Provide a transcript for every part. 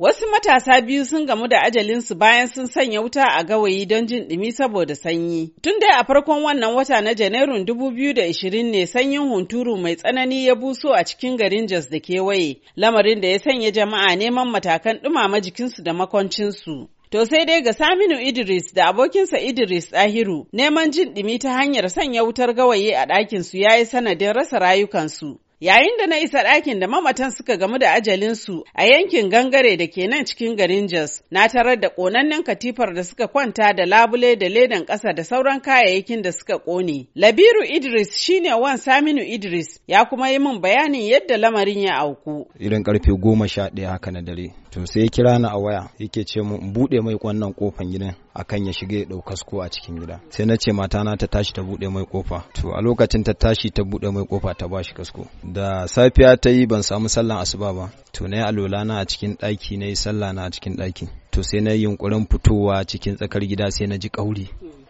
Wasu matasa biyu sun gamu da ajalinsu bayan sun sanya wuta a gawayi don jin ɗumi saboda sanyi. Tun dai a farkon wannan wata na Janairun 2020 ne sanyin hunturu mai tsanani ya buso a cikin garin Jos da kewaye, lamarin da ya sanya jama'a neman matakan ɗumama jikinsu da makoncinsu. To sai dai ga Saminu Idris da abokinsa Idris Ɗahiru neman jin ɗumi ta hanyar sanya wutar gawayi a ɗakinsu ya yi sanadin rasa rayukansu. Yayin da na isa ɗakin da mamatan suka gamu da ajalinsu a yankin gangare da ke nan cikin garin Jos, na tarar da ƙonannen katifar da suka kwanta da labule da ledan ƙasa da sauran kayayyakin da suka ƙone. Labiru Idris shine wan Saminu Idris ya kuma yi min bayanin yadda lamarin ya auku. Irin karfe goma sha ɗaya haka na dare. To sai ya kira ni a waya yake ce mu in buɗe mai ƙwannan ƙofan gidan. akan ya shiga ya dau kasko a cikin gida sai na ce mata na ta tashi ta bude mai kofa to a lokacin ta tashi ta bude mai kofa ta bashi kasko da safiya ta yi ban samu sallan asuba ba to na yi alola na a cikin ɗaki na yi sallah na a cikin ɗaki to sai na yi yunkurin fitowa cikin tsakar gida sai na ji ƙauri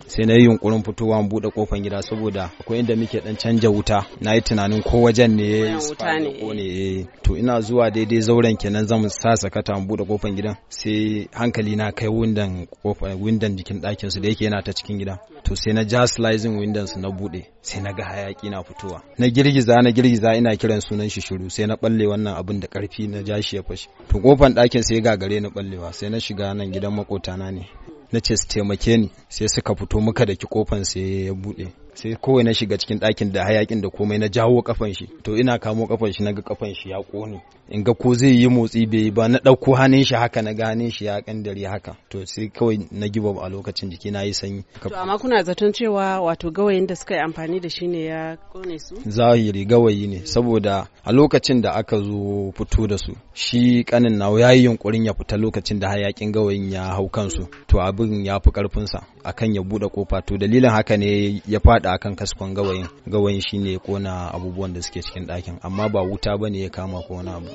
sai na yi yunkurin fitowa mu buɗe kofan gida saboda akwai inda muke dan canja wuta na yi tunanin ko wajen ne wuta ne eh. Eh. to ina zuwa daidai zauren kenan zamu sa sakata mu buɗe kofan gidan sai hankali na kai windan kofar windan jikin ɗakin su da yake yana ta cikin gida to sai na ja slicing windan su na buɗe sai na ga hayaki na fitowa na girgiza na girgiza ina kiran sunan shi shiru sai na balle wannan abin da karfi na ja shi ya fashi to kofan ɗakin sai gare na ballewa sai na shiga nan gidan makotana ne na ce su taimake ni sai suka fito muka daki kofan sai ya bude. sai kowai na shiga cikin ɗakin da hayakin da komai na jawo kafan shi to ina kamo kafan shi ga kafan shi ya ƙone in ga ko zai yi motsi bai yi ba na ɗauko hannun shi haka na gane shi ya kandare haka to sai kawai na gibob a lokacin jiki na yi sanyi to amma kuna zaton cewa wato gawayin da suka yi amfani da shi ne ya ƙone su zahiri gawayi ne saboda a lokacin da aka zo fito da su shi kanin na ya yi yunkurin ya fita lokacin da hayakin gawayin ya hau kansu to abin ya fi karfinsa akan ya buɗe kofa to dalilin haka ne ya faɗa da akan kaskon gawayin gawayin shine ya kona abubuwan da suke cikin ɗakin amma ba wuta ba ne ya kama ko wani abu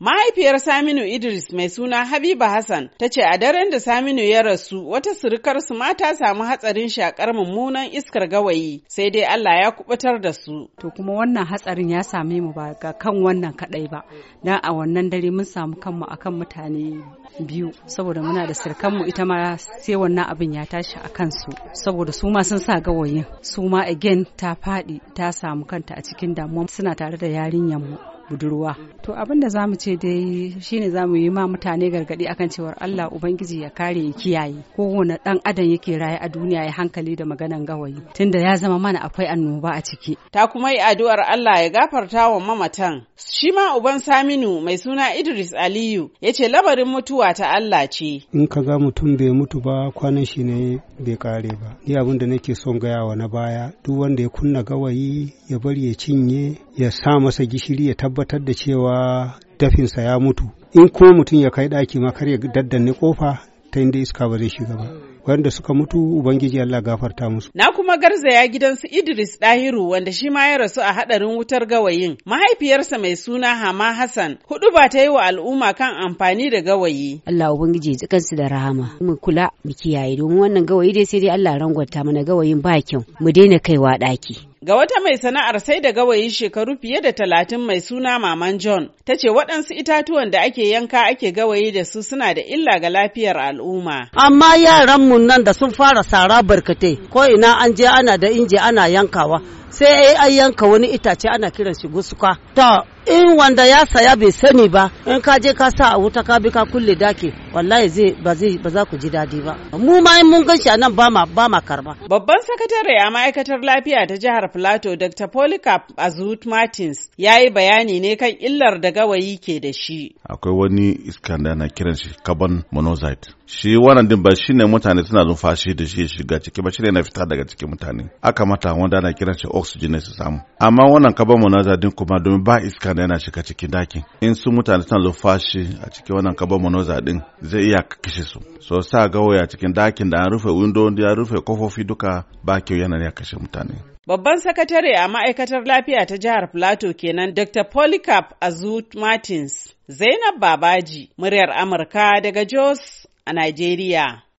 Mahaifiyar Saminu Idris mai suna Habiba Hassan ta ce a daren da Saminu ya rasu wata surukarsu ma ta samu hatsarin shakar mummunan iskar gawayi sai dai Allah ya kubutar da su. To kuma wannan hatsarin ya same mu ba ga kan wannan kadai ba. Dan a wannan dare mun samu kanmu akan mutane biyu saboda muna da surukanmu ita ma sai wannan abin ya tashi a kansu saboda su ma sun sa gawayin su ma again ta faɗi ta samu kanta a cikin damuwa suna tare da yarinyar mu. budurwa to abin da zamu ce dai shine zamu yi ma mutane gargadi akan cewar Allah ubangiji ya kare ya kiyaye kowane dan adam yake raye a duniya ya hankali da maganan gawayi tunda ya zama mana akwai annoba a ciki ta kuma yi addu'ar Allah ya gafarta wa mamatan shi ma uban Saminu mai suna Idris Aliyu ya ce labarin mutuwa ta Allah ce in ka ga mutum bai mutu ba kwanan shi ne bai kare ba ni abin da nake son gaya wa na baya duk wanda ya kunna gawayi ya bari ya cinye ya sa masa gishiri ya tabbata tabbatar da cewa dafinsa ya mutu in kuma mutum ya kai ɗaki ma kar ya daddanne kofa ta inda iska ba zai shiga ba wanda suka mutu ubangiji Allah gafarta musu na kuma garzaya gidansu Idris Dahiru wanda shi ma ya rasu a hadarin wutar gawayin mahaifiyarsa mai suna Hama Hassan hudu ba ta yi wa al'umma kan amfani da gawayi Allah ubangiji ya kansu da rahama mu kula mu kiyaye domin wannan gawayi dai sai dai Allah rangwata mana gawayin ba kyau mu daina kaiwa daki Ga wata mai sana'ar sai da gawayi shekaru fiye da talatin mai suna Maman John, ta ce waɗansu itatuwan da ake yanka ake gawayi da su suna da illa ga lafiyar al'umma. Amma yaran yaranmu nan da sun fara sara barkatai, ko ina an je ana da inji ana yankawa. sai an yanka wani itace ana kiran shi gusuka to in wanda ya saya bai sani ba in ka je ka sa a wuta ka bi ka kulle dake wallahi zai ba zai ba za ku ji dadi ba mu ma mun gan shi anan ba ma ba ma karba babban sakatare a ma'aikatar lafiya ta jihar Plateau Dr. Polycarp Azut Martins yayi bayani ne kan illar da gawayi ke da shi akwai wani iska da ana kiran shi carbon monoxide shi wannan din ba shine mutane suna numfashi da shi shiga ciki ba ne na fita daga cikin mutane aka mata wanda ana kiran shi su ji ne su samu amma wannan kaba monazadin kuma domin ba iska da yana shiga cikin dakin in su mutane suna lufashi a cikin wannan ka kaba nazarin zai iya kashe su so sa gawaya cikin dakin da an rufe windo ya rufe kofofi duka ba kyau yana ya kashe mutane Babban sakatare a ma'aikatar lafiya ta jihar Plateau kenan Dr. Polycarp Azut Martins, Zainab Babaji, muryar Amurka daga Jos a Najeriya.